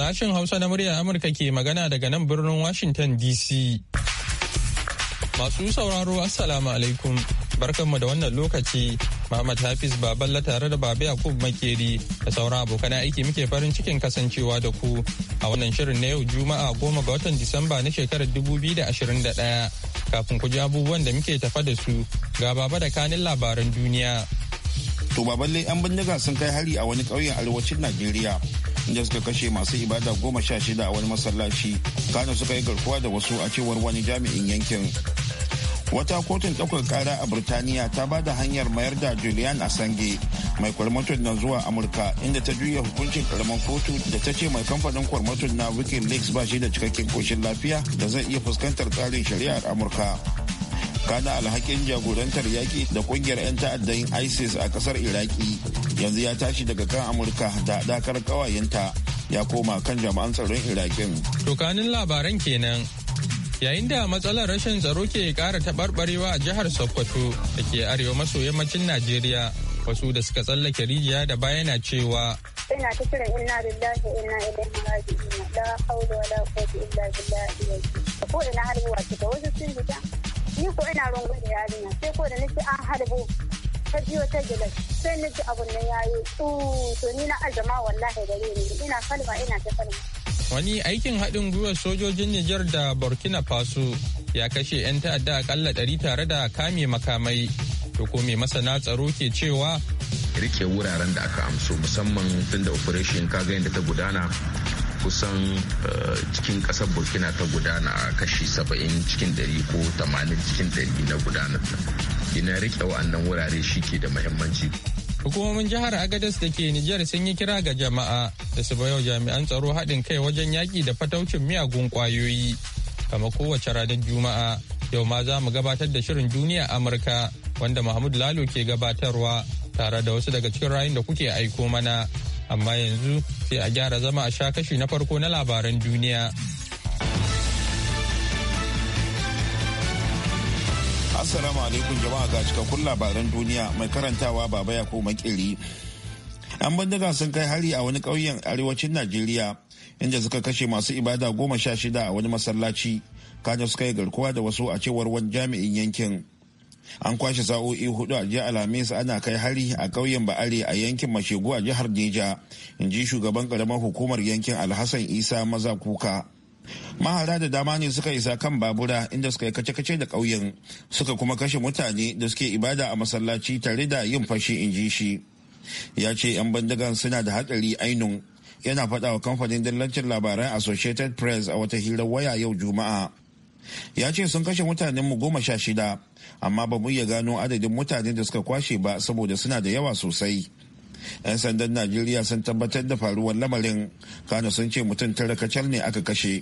Sashen Hausa na murya Amurka ke magana daga nan birnin Washington DC. Masu sauraro Assalamu alaikum. Barkanmu da wannan lokaci. Muhammad Hafiz Baballa tare da Babu Yakub Makeri da sauran abokan aiki muke farin cikin kasancewa da ku a wannan shirin na yau Juma'a goma ga watan Disamba na shekarar 2021. Kafin ku ji abubuwan da muke tafa da su ga baba da kanin labaran duniya. To Baballe 'yan bindiga sun kai hari a wani ƙauyen arewacin Najeriya da suka kashe masu ibada goma sha shida a wani masallaci kano suka yi garkuwa da wasu a cewar wani jami'in yankin wata kotun ɗaukar kara a burtaniya ta ba da hanyar mayar da julian asange mai kwarmatun na zuwa amurka inda ta juya hukuncin karamin kotu da ta ce mai kamfanin kwarmatun na wikileaks ba shi da cikakken koshin lafiya da zai iya fuskantar tsarin shari'ar amurka kana alhakin jagorantar yaki da kungiyar 'yan ta'addan isis a kasar iraki yanzu ya tashi daga kan amurka da dakar kawayenta ya koma kan jami'an tsaron irakin tokanin labaran kenan yayin da matsalar rashin tsaro ke kara taɓarɓarewa a jihar sokoto da ke arewa maso yammacin najeriya wasu da suka tsallake rijiya da bayana cewa ina ta kira inna lillahi inna ilaihi raji'un la hawla wala quwwata illa billahi ko ina har wasu da wasu sun ni ko ina rungu da yarinya sai ko da nake an harbo ta biyo ta gilas sai nake abun nan yayi to ni na azama wallahi gare ni ina kalma ina ta kalma wani aikin haɗin gwiwar sojojin Nijar da Burkina Faso ya kashe 'yan ta'adda akalla ɗari tare da kame makamai. To ko mai masana tsaro ke cewa? Rike wuraren da aka amso musamman tun da operation kaga yadda ta gudana kusan eh, cikin kasar burkina ta gudana a kashi 70 cikin 100 ko 80 cikin 100 na gudanar ina rike wa'annan wurare shi ke da muhimmanci hukumomin jihar agadas da ke nijar sun yi kira ga jama'a da su bayar jami'an tsaro haɗin kai wajen yaƙi da fataucin miyagun ƙwayoyi kama kowace ranar juma'a yau ma za mu gabatar da shirin duniya amurka wanda mahmud lalo ke gabatarwa tare da wasu daga cikin rayun da kuke aiko mana amma yanzu sai a gyara zama a sha kashi na farko na labaran duniya. Assalamu alaikum jama'a ga cikakkun labaran duniya mai karantawa baba ya makiri An bindiga sun kai hari a wani ƙauyen arewacin Najeriya inda suka kashe masu ibada goma sha shida a wani masallaci. Kano suka yi garkuwa da wasu a cewar wani jami'in yankin. an kwashe sa'o'i hudu a jiya alhamis ana kai hari a ƙauyen Ba'ale a yankin mashegu a jihar neja in ji shugaban karamar hukumar yankin alhassan isa maza kuka mahara da dama ne suka isa kan babura inda suka yi kace-kace da ƙauyen suka kuma kashe mutane da suke ibada a masallaci tare da yin fashi in ji shi ya ce 'yan bandagan suna da hatsari ainun yana faɗa wa kamfanin dillancin labaran associated press a wata hirar waya yau juma'a ya ce sun kashe mutanenmu goma sha shida amma ba mu iya gano adadin mutanen da suka kwashe ba saboda suna da yawa sosai 'yan sandan najeriya sun tabbatar da faruwar lamarin kano sun ce mutum tara kacal ne aka kashe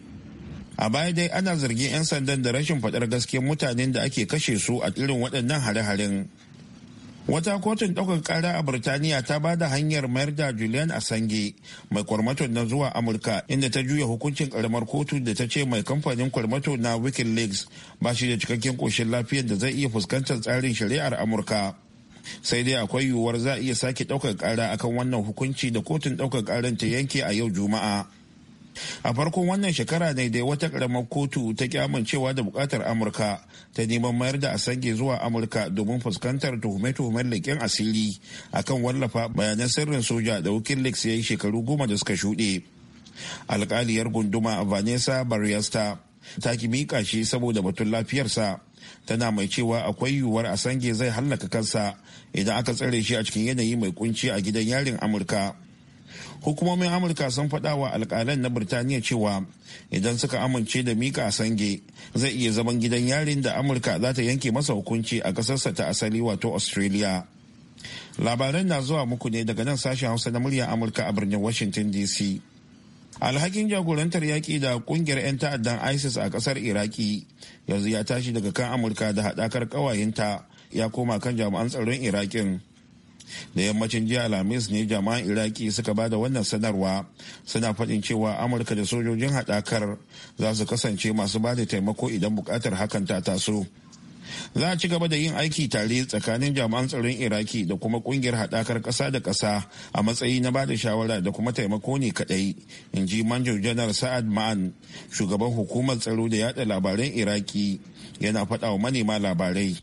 a baya dai ana zargin 'yan sandan da rashin faɗar gaskiyar mutanen da ake kashe su a irin waɗannan hare-haren wata kotun ɗaukar kara a birtaniya ta ba da hanyar mayar da julian assange mai kwarmato na zuwa amurka inda ta juya hukuncin karamar kotu da ta ce mai kamfanin kwarmato na wikileaks ba shi da cikakken koshin lafiyar da zai iya fuskantar tsarin shari'ar amurka sai dai akwai yiwuwar za a iya sake ɗaukar ƙara akan wannan hukunci da kotun ɗaukar ƙarar ta yanke a yau juma'a a farkon wannan shekara ne dai wata karamar kotu ta ki amincewa da bukatar amurka ta neman mayar da asange zuwa amurka domin fuskantar tuhume-tuhumen leƙen asiri akan wallafa bayanan sirrin soja da wikileaks ya yi shekaru goma da suka shuɗe alkaliyar gunduma vanessa barriesta ta ki miƙa shi saboda batun lafiyarsa tana mai cewa akwai yiwuwar asange zai hallaka kansa idan aka tsare shi a cikin yanayi mai kunci a gidan yarin amurka hukumomin amurka sun faɗa wa alƙalan na birtaniya cewa idan suka amince da mika sange zai iya zaman gidan yarin da amurka za ta yanke masa hukunci a ƙasarsa ta asali wato australia labaran na zuwa muku ne daga nan sashen hausa na muryar amurka a birnin washington dc alhakin jagorantar yaƙi da ƙungiyar 'yan ta'addan isis a ƙasar iraki yanzu ya tashi daga kan amurka da haɗakar ƙawayenta ya koma kan jami'an tsaron irakin da yammacin jiya alhamis ne jama'an iraki suka ba da wannan sanarwa suna faɗin cewa amurka da sojojin haɗakar za su kasance masu bada taimako idan buƙatar hakan ta taso za a ci gaba da yin aiki tare tsakanin jami'an tsaron iraki da kuma kungiyar haɗakar ƙasa da ƙasa a matsayi na bada shawara da kuma taimako ne kaɗai in ji manjo janar sa'ad ma'an shugaban hukumar tsaro da yada labaran iraki yana faɗa wa manema labarai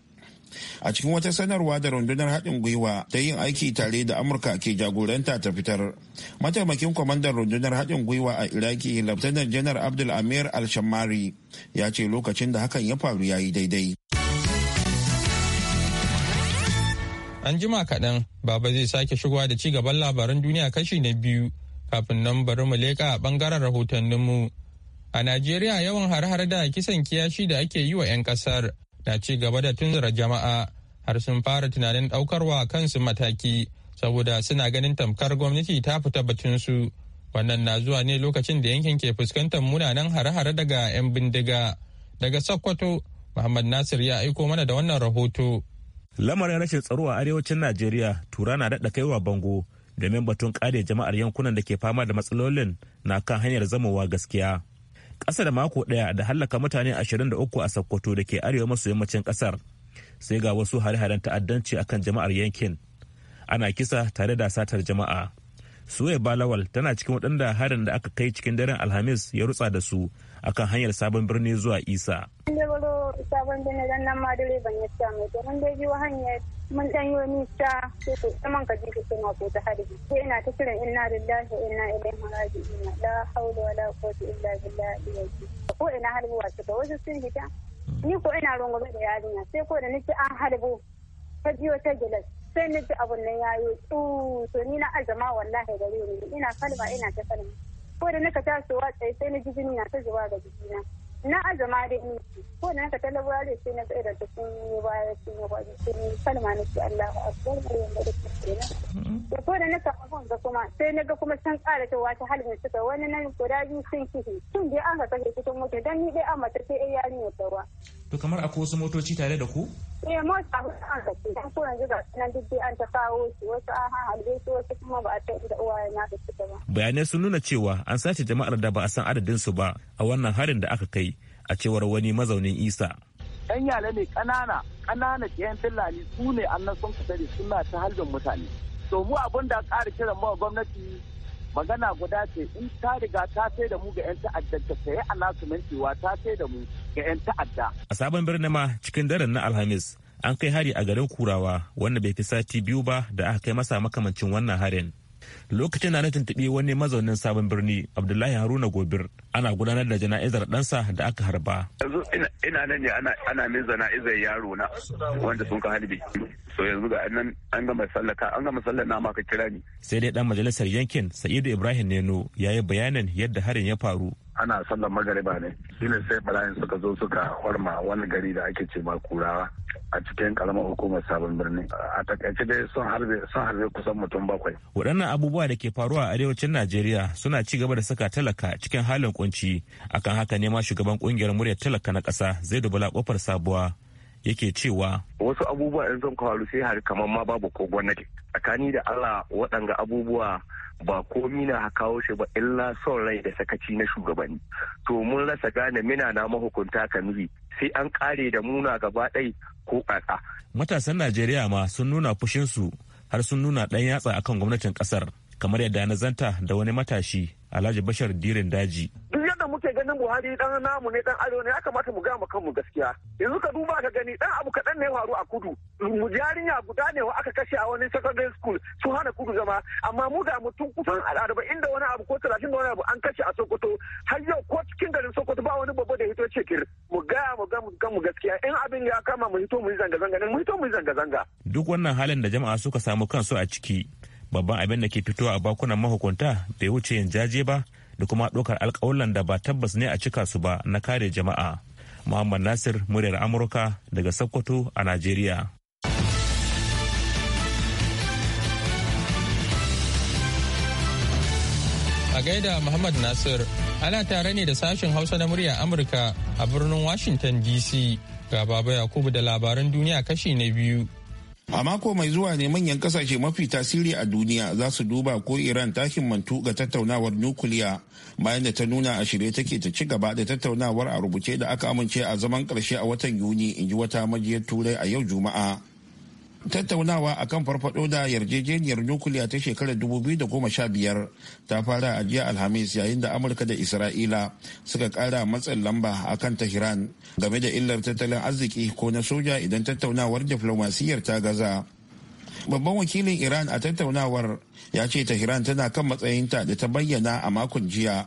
a cikin wata sanarwa da rundunar haɗin gwiwa ta yin aiki tare da amurka ke jagoranta ta fitar mataimakin kwamandan rundunar haɗin gwiwa a iraki laftanar janar abdul amir al-shammari ya ce lokacin da hakan ya faru ya yi daidai an jima kaɗan baba zai sake shigowa da ci gaban labaran duniya kashi na biyu kafin nan bari mu leƙa a ɓangaren rahotanninmu a najeriya yawan har-har da kisan kiyashi da ake yi wa 'yan ƙasar na ci gaba da tunzura jama'a har sun fara tunanin ɗaukarwa kansu mataki saboda suna ganin tamkar gwamnati ta fita batunsu wannan na zuwa ne lokacin da yankin ke fuskantar munanan hare-hare daga 'yan bindiga daga sokoto muhammad nasir ya aiko mana da wannan rahoto lamarin rashin tsaro a arewacin najeriya tura na daɗa kaiwa bango domin batun kare jama'ar yankunan da ke fama da matsalolin na kan hanyar zamowa gaskiya ƙasa da mako ɗaya da hallaka mutane 23 a Sokoto da ke arewa maso yammacin ƙasar. Sai ga wasu hare-haren ta'addanci akan jama'ar yankin. Ana kisa tare da satar jama'a. Suwai Balawal tana cikin waɗanda harin da aka kai cikin daren Alhamis ya rutsa da su akan hanyar sabon birni zuwa isa sabon birni dan nan ma dare ban ya sa mai domin dai biyu hanyar mun dan yi nisa sai ko saman ka ji kusa ma ko ta harbi sai ina ta kiran inna lillahi wa inna ilaihi raji'un la hawla wala quwwata illa billah ko ina harbi wasu ba wasu sun fita ni ko ina rungume da yarinya sai ko da nake an harbo ta biyo ta gilas sai nake abun nan yayo tsu to ni na azama wallahi gare ni ina kalma ina ta kalma ko da naka tasowa tsaye sai na ji jini na ta zuba ga jikina na azama da ni ko na ka talabuwa da sai na tsaye da ta sun yi baya sun yi baya sun yi kalma na Allah Allahu akbar da yamma da ke na. da ko da na samu gon ga kuma sai na ga kuma san tsara ta wata halin suka wani nan guda biyu sun kihi tun dai an ka kashe cikin mutum dan ni dai an mace sai ne ya tsawa to kamar akwai wasu motoci tare da ku eh ku an ka ce dan ko yanzu ga nan duk dai an ta kawo su wasu an halbe su wasu kuma ba a ta da uwaye na da suka ba bayanai sun nuna cewa an sace jama'ar da ba a san adadin su ba a wannan harin da aka kai a cewar wani mazaunin isa yan yare ne ƙanana ƙanana ke yan fillani su ne annan sun fita da suna ta halbin mutane to mu abin da ƙara kiran mu gwamnati magana guda ce in ta riga ta sai da mu ga yan ta'adda ta sayi annasumancewa ta sai da mu ga yan ta'adda a sabon birnin ma cikin daren na alhamis an kai hari a garin kurawa wanda bai fi sati biyu ba da aka kai masa makamancin wannan harin lokacin da na tuntuɓi wani mazaunin sabon birni abdullahi haruna gobir ana gudanar da jana'izar ɗansa da aka harba yanzu ina nan ne ana min jana'izar yaro na wanda sun ka halbe so yanzu ga nan an gama sallaka an gama sallar na maka kira ni sai dai dan majalisar yankin sa'idu ibrahim neno ya yi bayanin yadda harin ya faru ana sallar magariba ne shine sai bala'in suka zo suka horma wani gari da ake ce ma kurawa a cikin karamar hukumar sabon birni a takaice dai sun harbe sun harbe kusan mutum bakwai waɗannan abubuwa da ke faruwa a arewacin najeriya suna ci gaba da saka talaka cikin halin kunci akan haka ne ma shugaban kungiyar muryar talaka na ƙasa zai dubula kofar sabuwa yake cewa wasu abubuwa in zan faru sai har kamar ma babu ko gwamnati tsakani da Allah waɗanga abubuwa ba komi na kawo shi ba illa son rai da sakaci na shugabanni to mun rasa gane mina na mahukunta kamili sai an kare da muna gaba ɗai ko ƙaƙa. matasan najeriya ma sun nuna fushin su har sun nuna ɗan yatsa akan gwamnatin ƙasar kamar yadda na zanta da wani matashi alhaji bashar dirin daji ganin buhari dan namu ne dan ne ya kamata mu gama kanmu gaskiya yanzu ka duba ka gani dan abu kaɗan ne faru a kudu mu jarinya guda ne aka kashe a wani secondary school sun hana kudu zama amma mu ga mutum kusan arba'in da wani abu ko talatin da wani abu an kashe a sokoto har yau ko cikin garin sokoto ba wani babba da hito cikir mu gaya mu gama kanmu gaskiya in abin ya kama mu hito mu yi zanga-zanga ne mu hito mu yi zanga-zanga. duk wannan halin da jama'a suka samu kansu a ciki babban abin da ke fitowa a bakunan mahukunta bai wuce yin jaje ba da kuma ɗaukar alkawulan da ba tabbas ne a cika su ba na kare jama'a. Muhammad Nasir muryar Amurka daga Sokoto a Najeriya. A gaida Muhammad Nasir, ana tare ne da sashen Hausa na muryar Amurka a birnin Washington DC. Ga Baba Yakubu da labaran duniya kashi na biyu. A mako mai zuwa ne manyan kasashe mafi tasiri a duniya za su duba ko Iran ta mantu ga tattaunawar nukuliya bayan da ta nuna a shirye take ta ci gaba da tattaunawar a rubuce da aka amince a zaman karshe a watan Yuni in ji wata majiyar Turai a yau Juma'a. tattaunawa akan farfado da yarjejeniyar nukuliya ta shekarar 2015 ta fara a jiya alhamis yayin da amurka da isra'ila suka kara matsin lamba a kan tehran game da illar tattalin arziki ko na soja idan tattaunawar diflomasiyyar ta gaza babban wakilin iran a tattaunawar ya ce tehran tana kan matsayinta da ta bayyana a makon jiya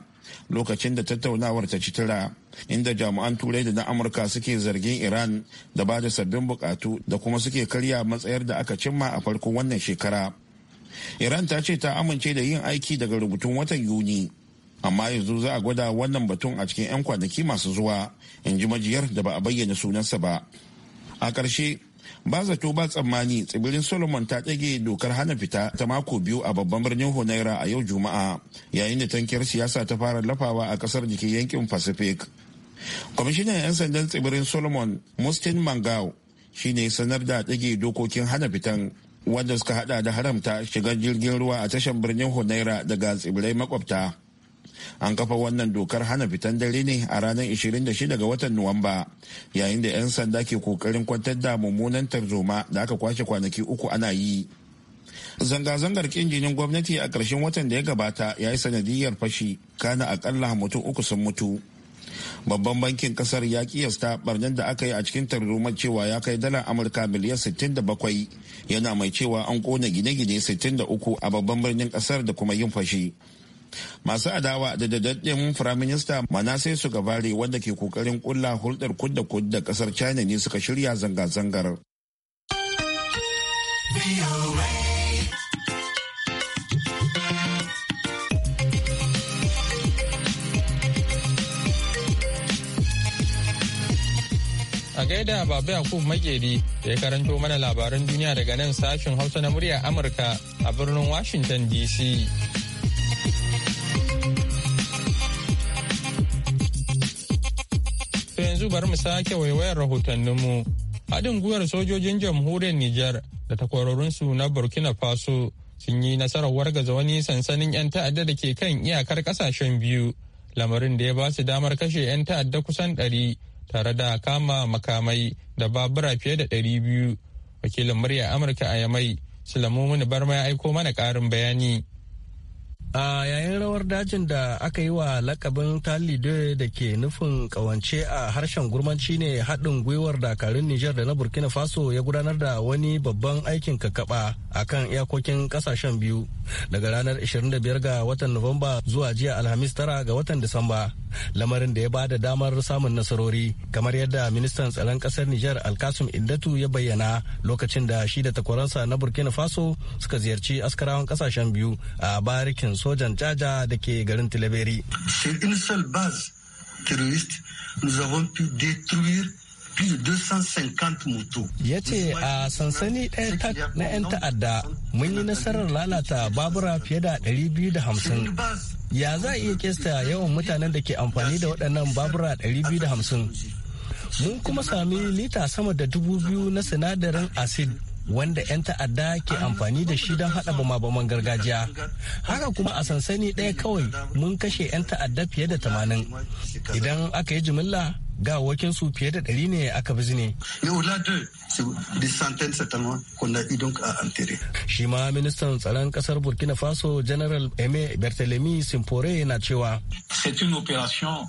lokacin da tattaunawar ta ci tura inda jami'an turai da na amurka suke zargin iran da ba da sabbin bukatu da kuma suke karya matsayar da aka cimma a farkon wannan shekara iran ta ce ta amince da yin aiki daga rubutun watan yuni amma yanzu za a gwada wannan batun a cikin 'yan kwanaki masu zuwa in ji majiyar da ba a bayyana sunansa ba a ƙarshe ba zato ba tsammani tsibirin solomon ta ɗage dokar hana fita ta mako biyu a babban birnin honaira a yau juma'a yayin da tankiyar siyasa ta fara lafawa a kasar jikin yankin pacific kwamishinan 'yan sandan tsibirin solomon mustin mangau shine sanar da ɗage dokokin hana fitan wanda suka hada da haramta shigar jirgin ruwa a tashar birnin honaira daga tsibirai makwabta an kafa wannan dokar hana fitan dare ne a ranar 26 ga watan nuwamba yayin da 'yan sanda ke kokarin kwantar da mummunan tarzoma da aka kwashe kwanaki uku ana yi zanga-zangar kinjinin gwamnati a ƙarshen watan da ya gabata ya yi sanadiyar fashi kana akalla mutum uku sun mutu babban bankin kasar ya kiyasta barnan da aka yi a cikin tarzoma cewa ya kai dala amurka miliyan 67 yana mai cewa an kona gine-gine 63 a babban birnin kasar da kuma yin fashi masu adawa da dadaddin firaminista manasai su gabare wanda ke kokarin kulla hulɗar kudda kudda kasar china ne suka shirya zanga-zangar a gaida baba yakub makeri da ya karanto mana labaran duniya daga nan sashen hausa na murya amurka a birnin washington dc To yanzu bari mu sake waiwayar rahotanninmu. Haɗin gwiwar sojojin jamhuriyar Nijar da takwarorinsu na Burkina Faso sun yi nasarar wargaza wani sansanin 'yan ta'adda da ke kan iyakar ƙasashen biyu. Lamarin da ya ba su damar kashe 'yan ta'adda kusan ɗari tare da kama makamai da babura fiye da ɗari biyu. Wakilin murya Amurka a Yamai, Sulamu Barma ya aiko mana ƙarin bayani. a yayin rawar dajin da aka yi wa lakabin talido da ke nufin kawance a harshen gurmanci ne haɗin gwiwar dakarun nijar da na burkina faso ya gudanar da wani babban aikin kakaba a kan iyakokin ƙasashen biyu daga ranar 25 ga watan Nuwamba zuwa jiya Alhamis tara ga watan Disamba, lamarin da ya ba da damar samun nasarori, kamar yadda ministan tsaron kasar Nijar Alkasum Indatu ya bayyana lokacin da shi da takwaransa na Burkina Faso suka ziyarci askarawan kasashen biyu a barikin sojan caja da ke garin Tilaberi. C'est une seule base terroriste, nous avons pu détruire plus de 250 motos. Ya ce a sansani ɗaya tak na 'yan ta'adda mun yi nasarar lalata babura fiye da 250. Ya za a iya kesta yawan mutanen da ke amfani da waɗannan babura 250. Mun kuma sami lita sama da dubu biyu na sinadarin asid wanda 'yan ta'adda ke amfani da shi don haɗa bama-baman gargajiya haka kuma a sansani ɗaya kawai mun kashe 'yan ta'adda fiye da tamanin idan aka yi jimilla gawakin su fiye da ɗari ne aka bizne. Shi ma ministan tsaron ƙasar Burkina Faso General eme bertelemi Simpore na cewa. C'est une opération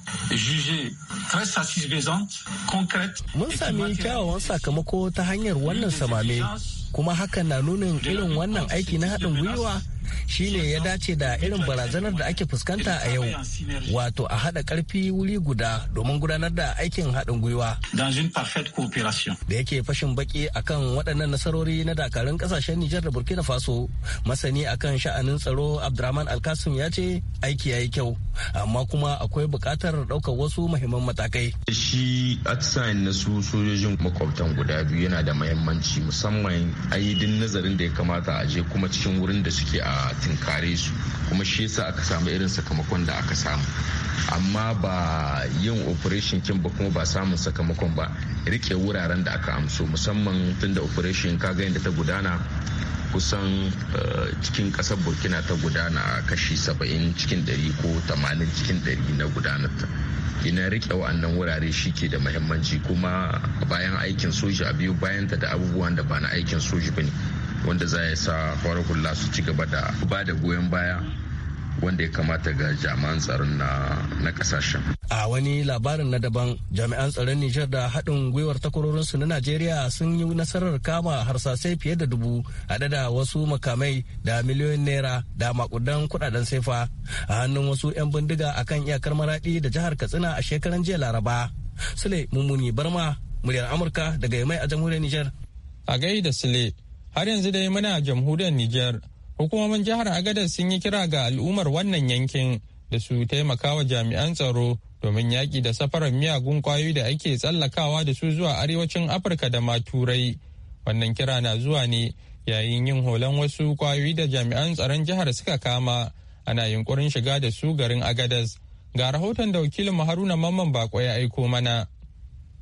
très satisfaisante, concrète. Mun sami kyawawan sakamako ta hanyar wannan samame kuma hakan na nunin irin wannan aiki na haɗin gwiwa shi ne ya dace da irin barazanar da ake fuskanta a yau wato a haɗa ƙarfi wuri guda domin gudanar da aikin haɗin gwiwa da yake fashin baki akan waɗannan nasarori na dakarun ƙasashen nijar da burkina faso masani akan sha'anin tsaro abdurrahman alkasim ya ce aiki ya yi kyau amma kuma akwai buƙatar ɗaukar wasu muhimman matakai shi atisayen na su sojojin makwabtan guda biyu yana da mahimmanci musamman ayyudin nazarin da ya kamata a je kuma cikin wurin da suke a tinkare su kuma shi yasa aka samu irin sakamakon da aka samu amma ba yin operation kin ba kuma ba samun sakamakon ba rike wuraren da aka amso musamman tunda operation kaga yadda ta gudana kusan eh, cikin kasar burkina ta gudana kashi 70 cikin 100 ko 80 cikin 100 na gudanar ta ina rike wa'annan wurare shi ke da muhimmanci kuma bayan aikin soji a biyu bayanta da abubuwan da ba na aikin soji ba ne wanda za ya sa farar hula su ci gaba da ba da goyon baya wanda ya kamata ga jami'an tsaron na na kasashen. A wani labarin na daban jami'an tsaron Nijar da haɗin gwiwar takwarorinsu na Najeriya sun yi nasarar kama harsasai fiye da dubu haɗe da wasu makamai da miliyoyin naira da makudan kudaden saifa a hannun wasu 'yan bindiga a kan iyakar maraɗi da jihar Katsina a shekaran jiya Laraba. Sule Mummuni Barma, muryar Amurka daga Yamai a jamhuriyar Nijar. A gaida Sule, har yanzu dai muna jamhuriyar Nijar. Hukumomin jihar Agadez sun yi kira ga al'ummar wannan yankin da su taimaka wa jami'an tsaro domin yaƙi da safarar miyagun kwayoyi da ake tsallakawa da su zuwa arewacin Afirka da ma Turai. Wannan kira na zuwa ne yayin yin holan wasu kwayoyi da jami'an tsaron jihar suka kama ana yunkurin shiga da su garin Agadez. Ga rahoton da wakilin Haruna Mamman Bako ya aiko mana.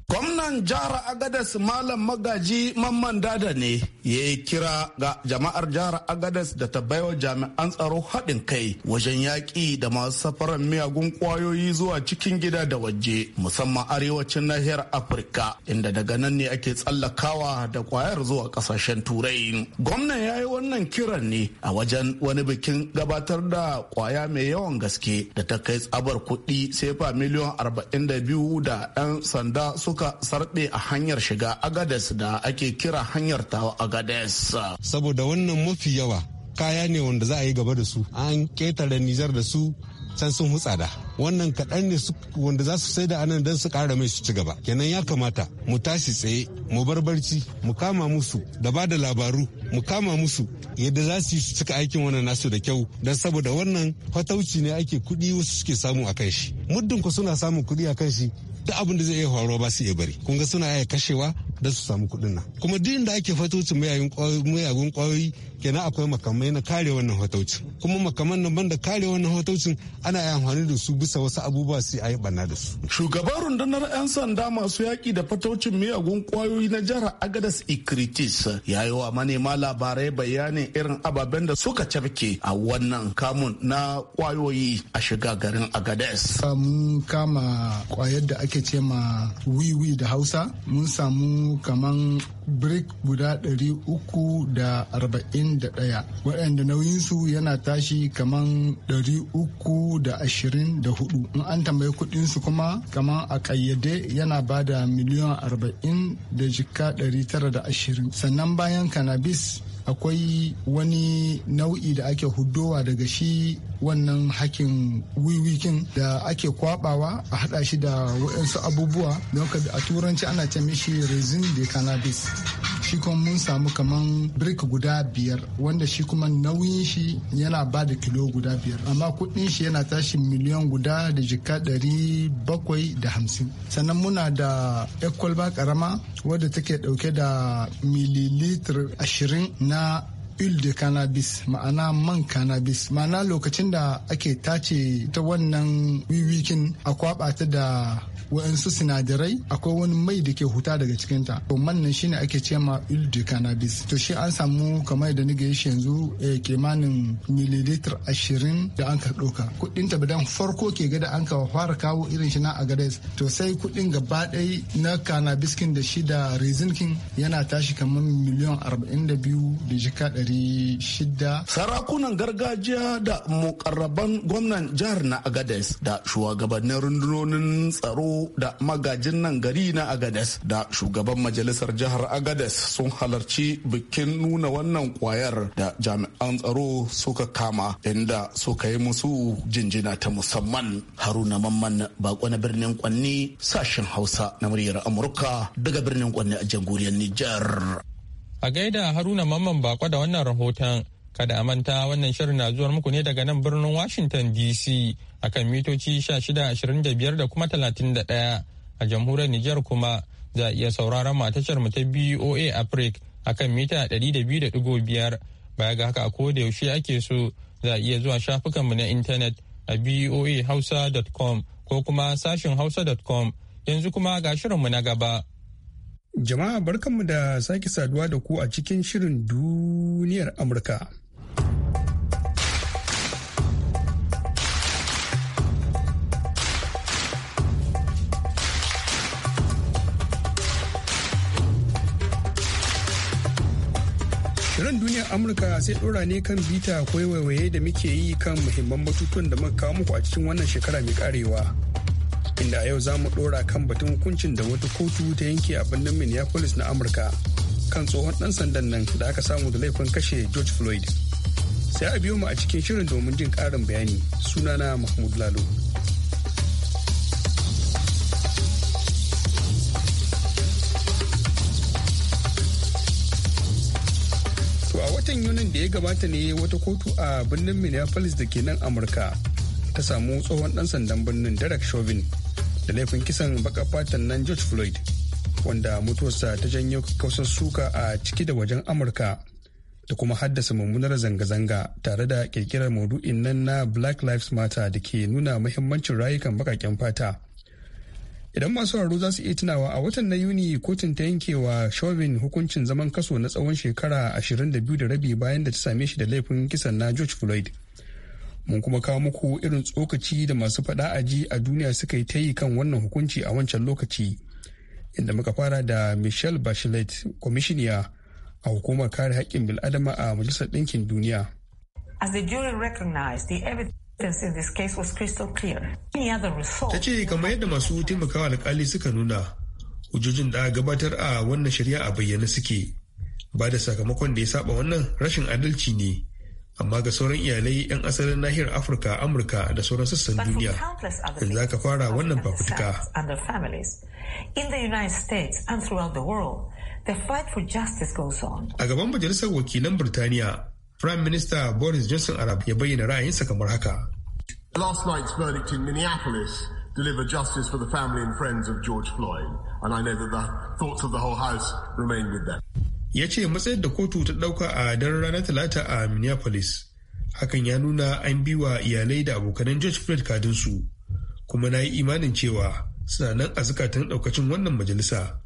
Gwamnan jihar Agadas Malam Magaji Mamman Dada ne ya yi kira ga jama'ar jihar Agadas da ta baiwa jami'an tsaro haɗin kai wajen yaƙi da masu safarar miyagun ƙwayoyi zuwa cikin gida da waje musamman arewacin nahiyar Afirka inda daga nan ne ake tsallakawa da ƙwayar zuwa ƙasashen Turai. Gwamnan ya yi wannan kiran ne a wajen wani bikin gabatar da ƙwaya mai yawan gaske da ta kai tsabar kuɗi sefa miliyan arba'in da biyu da 'yan sanda suka suka sarɓe a hanyar shiga agades da ake kira hanyar tawa agades saboda wannan mafi yawa kaya ne wanda za a yi gaba da su an ketare nijar da su can sun hutsa da wannan kaɗan ne wanda za su sai da anan don su ƙara mai su ci gaba kenan ya kamata mu tashi tsaye mu barbarci mu kama musu da ba da labaru mu kama musu yadda za su yi su cika aikin wannan nasu da kyau don saboda wannan fatauci ne ake kuɗi wasu suke samu a kan shi muddin ku suna samun kuɗi a kan shi duk abin da zai iya faruwa ba su iya bari kun ga suna iya kashewa da su samu kuɗin nan kuma duk da ake fatauci mayagun kwayoyi kenan akwai makamai na kare wannan fataucin kuma makaman nan banda kare wannan fataucin ana yi amfani da su bisa wasu abubuwa sai a yi da su. shugaban rundunar 'yan sanda masu yaƙi da fataucin miyagun kwayoyi na jihar agadas ikritis ya yi wa manema labarai bayanin irin ababen da suka cafke a wannan kamun na kwayoyi a shiga garin agades. mun kama kwayar da ake ce ma wiwi da hausa mun samu kamar kaman brick guda 341 waɗanda nauyinsu yana tashi kaman 324 in an tambayi kuɗinsu kuma kamar a kayyade yana ba da miliyan 40 da jika 920 sannan bayan cannabis akwai wani nau'i da ake hudowa daga shi wannan hakin wiwikin da ake kwabawa a hada shi da waɗansu abubuwa don a turanci ana ce mishi resin de cannabis shi kuma mun samu kaman brick guda biyar wanda shi kuma nauyin shi yana ba da kilo guda biyar amma kudin shi yana tashi miliyan guda da jika ɗari bakwai da hamsin sannan muna da ekwalba karama wadda take ɗauke da mililitar ashirin na Ul de cannabis ma'ana man cannabis ma'ana lokacin da ake tace ta wannan wiwikin a kwaba ta da wa'ansu sinadarai akwai wani mai da ke huta daga cikinta to man nan shine ake ce ma de cannabis to shi an samu kamar da nige shi yanzu eh, kimanin mililitar ashirin da an ka ɗauka kuɗin ta bidan farko ke gada an ka fara kawo irin shi na agades to sai kuɗin gaba ɗai na cannabis kin da shi da resin kin yana tashi kamar miliyan arba'in da biyu da jika ɗari shida. Sarakunan gargajiya da mukarraban gwamnan jihar na Agades da shugabannin rundunonin tsaro da magajin nan gari na Agades da shugaban majalisar jihar Agades sun halarci bikin nuna wannan kwayar da jami'an tsaro suka kama inda suka yi musu jinjina ta musamman. Haruna Mamman bako na birnin Kwanni sashen Hausa na muryar Amurka daga birnin Kwanni a jamhuriyar Nijar. A gaida Haruna Mamman Bako da wannan rahoton, kada a manta wannan shirin na zuwar muku ne daga nan birnin Washington DC a kan mitoci 1625 da kuma 31 a jamhuriyar Nijar kuma za a iya sauraron matashar mu ta BOA a kan mita 200.5 baya ga haka a koda yaushe ake so za a iya zuwa shafukanmu na intanet a boahausa.com ko kuma sashin hausa.com yanzu kuma ga shirinmu na gaba. Jama'a barkanmu da sake saduwa da ku a cikin shirin duniyar Amurka. Shirin duniyar Amurka sai ɗora ne kan bita ko waiwaye da muke yi kan muhimman batutuwan da muka kawo muku a cikin wannan shekara mai karewa. inda a yau za mu ɗora kan batun hukuncin da wata kotu ta yanke a birnin minneapolis na amurka kan tsohon dan sandan nan da aka samu da laifin kashe george floyd sai a biyo mu a cikin shirin domin jin ƙarin bayani sunana mahmud lalo watan yunin da ya gabata ne wata kotu a birnin minneapolis da ke nan amurka ta samu tsohon dan sandan birnin derek chauvin da laifin kisan baka fatan nan george floyd wanda mutuwarsa ta janyo kakkausar suka a ciki da wajen amurka da kuma haddasa mummunar zanga-zanga tare da kirkirar maudu'in nan na black lives matter da ke nuna muhimmancin rayukan bakaken fata idan masu sauraro za su iya tunawa a watan na yuni kotun ta yankewa chauvin hukuncin zaman kaso na tsawon shekara 22 da rabi bayan da ta same shi da laifin kisan na george floyd mun kuma kawo muku irin tsokaci da masu faɗa aji a duniya suka yi ta yi kan wannan hukunci a wancan lokaci inda muka fara da michelle bachelet kwamishiniya a hukumar kare haƙƙin bil'adama a majalisar ɗinkin duniya as the jury the evidence Ta ce kamar yadda masu taimakawa alkali suka nuna hujjojin da gabatar a wannan shari'a a bayyane suke ba da sakamakon da ya saba wannan rashin adalci ne amma ga sauran iyalai 'yan asalin nahiyar afirka amurka da sauran sassan duniya yanzu aka fara wannan fafutuka a gaban majalisar wakilan birtaniya prime minister boris johnson arab ya bayyana ra'ayinsa kamar haka last night's verdict in minneapolis deliver justice for the family and friends of George Floyd. And I know that the thoughts of the whole House remain with them. ya ce matsayar da kotu ta ɗauka a dan ranar talata a minneapolis hakan ya nuna an bi wa iyalai da abokanan george floyd kadinsu kuma na yi imanin cewa suna nan a zukatan ɗaukacin wannan majalisa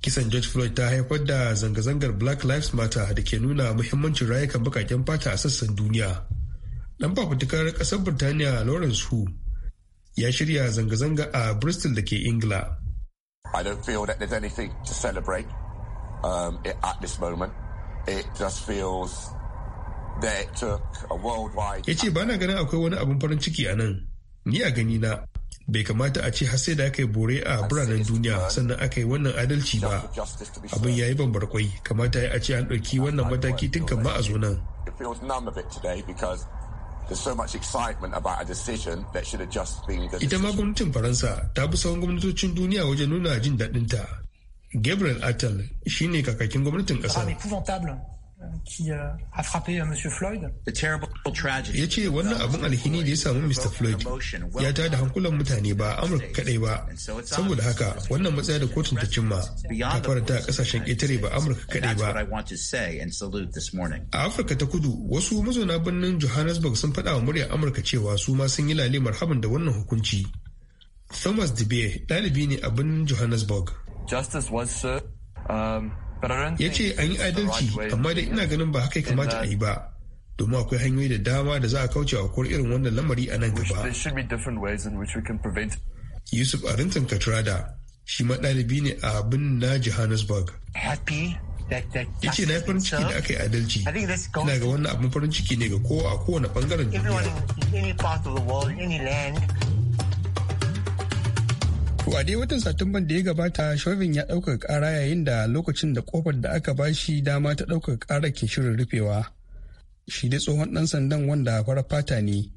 kisan george floyd ta haifar da zanga-zangar black lives matter da ke nuna muhimmancin rayukan bakaken fata a sassan duniya dan fafutukar ƙasar birtaniya lawrence hu ya shirya zanga-zanga a bristol da ke ingila I don't feel that there's anything to celebrate. um, at this moment. It just feels that it took a worldwide. Ya ce ba na ganin akwai wani abin farin ciki a nan. Ni a gani na bai kamata a ce har sai da aka yi bore a biranen duniya sannan aka yi wannan adalci ba abin ya yi bambar-kwai, kamata ya a ce an ɗauki wannan mataki tun kan a zo nan. Ita ma gwamnatin Faransa ta bi sauran gwamnatocin duniya wajen nuna jin daɗinta Gabriel Attal shine kakakin gwamnatin kasar. Ah, euh, euh, ya ce wannan abin alhini da ya samu Mr. Floyd ya ta da hankulan mutane ba Amurka kadai ba. Saboda haka wannan matsaya da kotun ta cimma ta faranta a kasashen ƙetare ba Amurka kadai ba. A Afirka ta kudu wasu mazauna birnin Johannesburg sun faɗa wa muryar Amurka cewa su ma sun yi lale marhaban da wannan hukunci. Thomas Debye ɗalibi ne a birnin Johannesburg. Justice was served. Um, ya ce an yi adalci amma dai ina ganin ba haka ya kamata a yi ba domin akwai hanyoyi da dama da za a kauce wa kuwar irin wannan lamari a nan gaba. Yusuf Arintan Katrada shi ma ɗalibi ne a abin na Johannesburg. Ya ce na farin ciki da aka yi adalci. Ina ga wannan abin farin ciki ne ga kowa a kowane bangaren duniya. wa dai watan Satumban da ya gabata Chauvin ya ɗaukar ƙara yayin da lokacin da kofar da aka ba shi dama ta ɗaukar ƙara ke shirin rufewa. Shi dai tsohon ɗan sandan wanda fara fata ne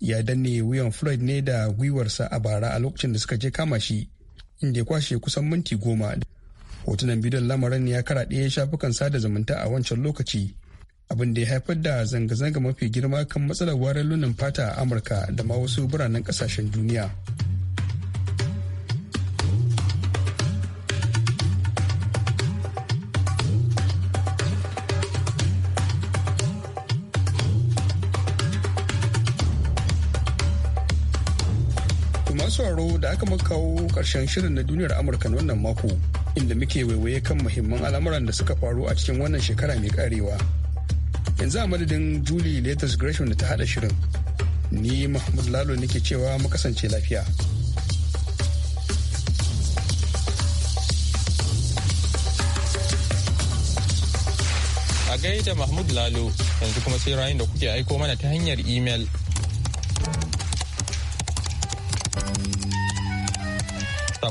ya danne wuyan Floyd ne da gwiwarsa a bara a lokacin da suka je kama shi inda ya kwashe kusan minti goma. Hotunan bidiyon lamarin ya kara karaɗe shafukan sada zumunta a wancan lokaci abin da ya haifar da zanga-zanga mafi girma kan matsalar lunin fata a Amurka da ma wasu biranen ƙasashen duniya. sauraro da aka kawo karshen shirin na duniyar Amurka na wannan mako inda muke waiwaye kan muhimman al'amuran da suka faru a cikin wannan shekara mai karewa. Yanzu a madadin juli Latest Gresham da ta haɗa shirin. Ni Mahmud Lalo nake cewa mu kasance lafiya. a gaida Mahmud Lalo yanzu kuma sai rayun da kuke aiko mana ta hanyar imel.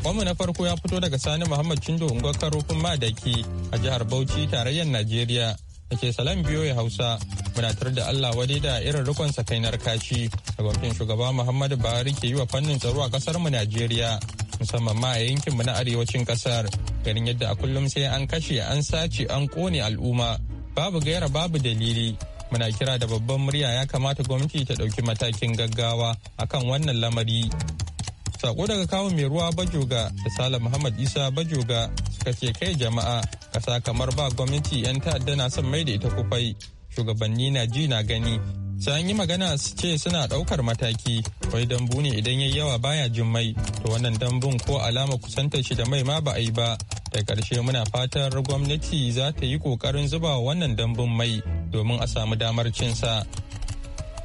Sakonmu na farko ya fito daga Sani Muhammad Chindo Ungwakar Rufin Madaki a jihar Bauchi tarayyar Najeriya. Da ke salam biyo ya Hausa muna tar da Allah wadai da irin rikon sakainar kashi da gwamnatin shugaba Muhammadu Buhari ke yi wa fannin tsaro a kasar mu Najeriya musamman ma a yankin mu na arewacin kasar ganin yadda a kullum sai an kashe an sace an kone al'umma babu gaira babu dalili muna kira da babban murya ya kamata gwamnati ta dauki matakin gaggawa akan wannan lamari Sako daga kawun mai ruwa Bajoga da Sala Muhammad Isa Bajoga suka ce kai jama'a kasa kamar ba gwamnati 'yan ta'adda na son mai da ita kufai. Shugabanni na ji na gani sayan yi magana su ce suna daukar mataki wai dambu ne idan yayi yawa baya jin mai to wannan dambun ko alama kusantar shi da mai ma ba a yi ba da ƙarshe muna fatar gwamnati za ta yi ƙoƙarin zuba wannan dambun mai domin a samu damar cinsa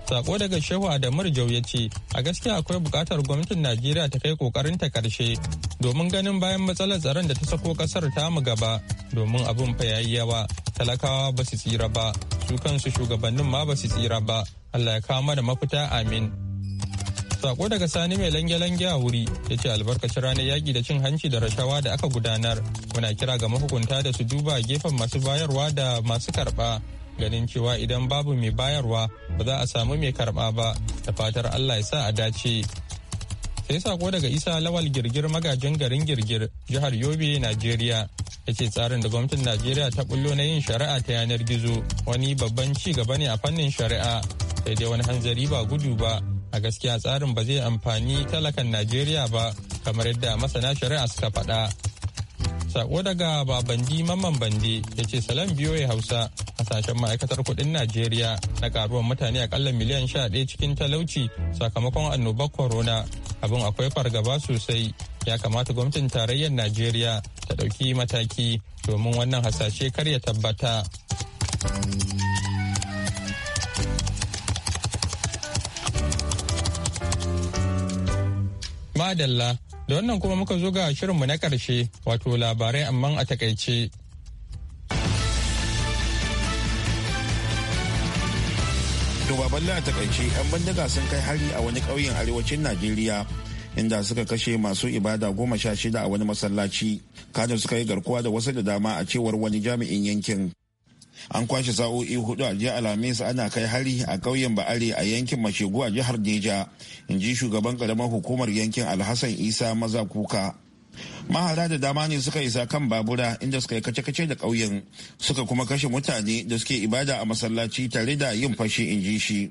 Sako daga Shehu Adamu Jau ya ce, a gaskiya akwai bukatar gwamnatin Najeriya ta kai kokarin ta karshe domin ganin bayan matsalar tsaron da ta sako kasar ta mu gaba domin abin fa yayi yawa talakawa ba su tsira ba su kansu shugabannin ma ba su tsira ba Allah ya kawo mana mafita amin. Sako daga Sani mai lange-lange a wuri ya ce albarkacin ranar yaƙi da cin hanci da rashawa da aka gudanar muna kira ga mahukunta da su duba gefen masu bayarwa da masu karɓa ganin cewa idan babu mai bayarwa ba za a samu mai karɓa ba da fatar allah ya sa a dace sai sako daga isa lawal girgir magajin garin girgir jihar yobe najeriya ya ce tsarin da gwamnatin najeriya ta bullo na yin shari'a ta yanar gizo wani babban ci gaba ne a fannin shari'a sai dai wani hanzari ba gudu ba a gaskiya tsarin ba zai amfani talakan najeriya ba kamar yadda masana shari'a suka faɗa Sako daga Babandi Mamman Bande ya ce salam ya Hausa hasashen ma'aikatar kuɗin Najeriya na karuwan mutane akalla miliyan sha ɗaya cikin talauci sakamakon annobar corona abin akwai fargaba sosai ya kamata gwamnatin tarayyar Najeriya ta ɗauki mataki domin wannan hasashe kar ya tabbata. Madalla Da wannan kuma muka zo ga shirinmu na ƙarshe wato labarai amma a takaice. To a takaice 'yan bandiga sun kai hari a wani ƙauyen arewacin Najeriya inda suka kashe masu ibada goma sha shida a wani masallaci. Kano suka yi garkuwa da wasu da dama a cewar wani jami'in yankin. an kwashe sa'o'i hudu a jiya alhamis ana kai hari a ƙauyen ba'are a yankin mashegu a jihar neja in ji shugaban karamar hukumar yankin alhassan isa maza kuka mahara da dama ne suka isa kan babura inda suka yi kace-kace da ƙauyen suka kuma kashe mutane da suke ibada a masallaci tare da yin fashe in ji shi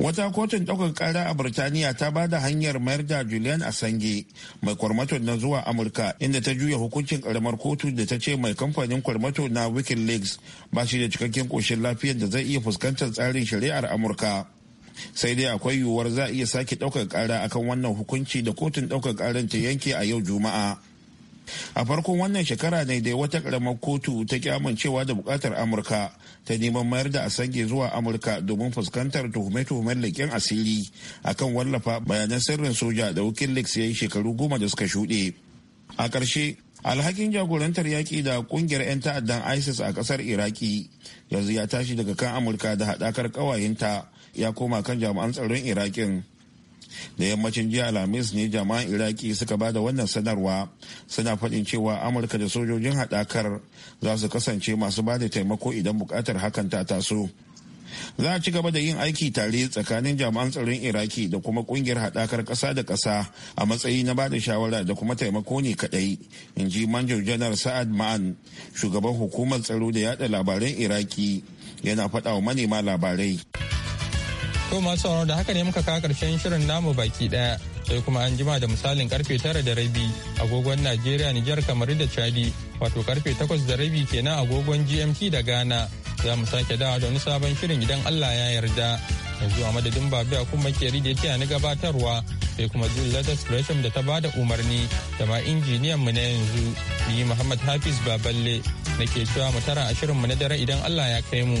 Wata kotun ɗaukar ƙara a Birtaniya ta ba da hanyar mayar da Julian Assange mai kwarmato na zuwa Amurka inda ta juya hukuncin ƙaramar kotu da ta ce mai kamfanin kwarmato na Wikileaks ba shi da cikakken ƙoshin lafiyar da zai iya fuskantar tsarin shari'ar Amurka. Sai dai akwai yiwuwar za iya sake ɗaukar ƙara akan wannan hukunci da kotun ɗaukar ƙaran ta yanke a yau Juma'a. a farkon wannan shekara ne dai wata karamar kotu ta kyamancewa da buƙatar amurka ta neman mayar da asange zuwa amurka domin fuskantar tuhume-tuhumen leƙen asiri akan wallafa bayanan sirrin soja da wikileaks ya yi shekaru goma da suka shuɗe a ƙarshe alhakin jagorantar yaƙi da ƙungiyar 'yan ta'addan isis a ƙasar iraki yanzu ya tashi daga kan amurka da haɗakar ƙawayenta ya koma kan jami'an tsaron iraƙin da yammacin jiya alhamis ne jama'an iraki suka ba da wannan sanarwa suna faɗin cewa amurka da sojojin haɗakar za su kasance masu bada taimako idan bukatar hakan ta taso za a ci gaba da yin aiki tare tsakanin jami'an tsaron iraki da kuma kungiyar haɗakar ƙasa da ƙasa a matsayi na bada shawara da kuma taimako ne kaɗai in ji manjo janar sa'ad ma'an shugaban hukumar tsaro da yada labaran iraki yana faɗa wa manema labarai To masu sauraro da haka ne muka kawo karshen shirin namu baki daya sai kuma an jima da misalin karfe tara da rabi agogon Najeriya Nijar kamar da Chadi wato karfe takwas da rabi kenan agogon GMT da Ghana za mu sake dawa da wani sabon shirin idan Allah ya yarda yanzu a madadin babu a kuma keri da ya na gabatarwa sai kuma jin Ladas Gresham da ta bada umarni da ma injiniyan mu na yanzu ni Muhammad Hafiz Baballe nake cewa mu tara a shirin mu na dare idan Allah ya kai mu.